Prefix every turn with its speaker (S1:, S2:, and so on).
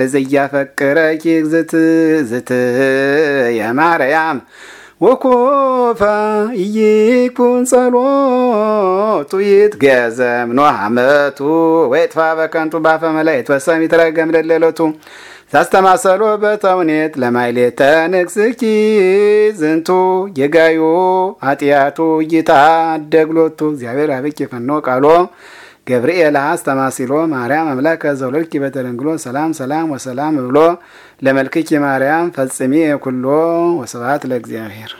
S1: ለዘያፈቅረኪ ዝት የማርያም ወኮፈ ኢይኩን ጸሎቱ ይትገዘም ኖህ አመቱ ወይጥፋ በከንቱ ባፈ መላእክት ወሰም ይትረገም ደለለቱ ታስተማሰሎ በተውኔት ለማይሌተ ንግስኪ ዝንቱ የጋዩ አጢያቱ ይታ ደግሎቱ እግዚአብሔር አብቂ ፈኖ ቃሎ ገብርኤል አስተማሲሎ ማርያም አምላከ ዘውለልኪ በተደንግሎ ሰላም ሰላም ወሰላም ብሎ ለመልክኪ ማርያም ፈጽሜ ኩሎ ወስብሐት ለእግዚአብሔር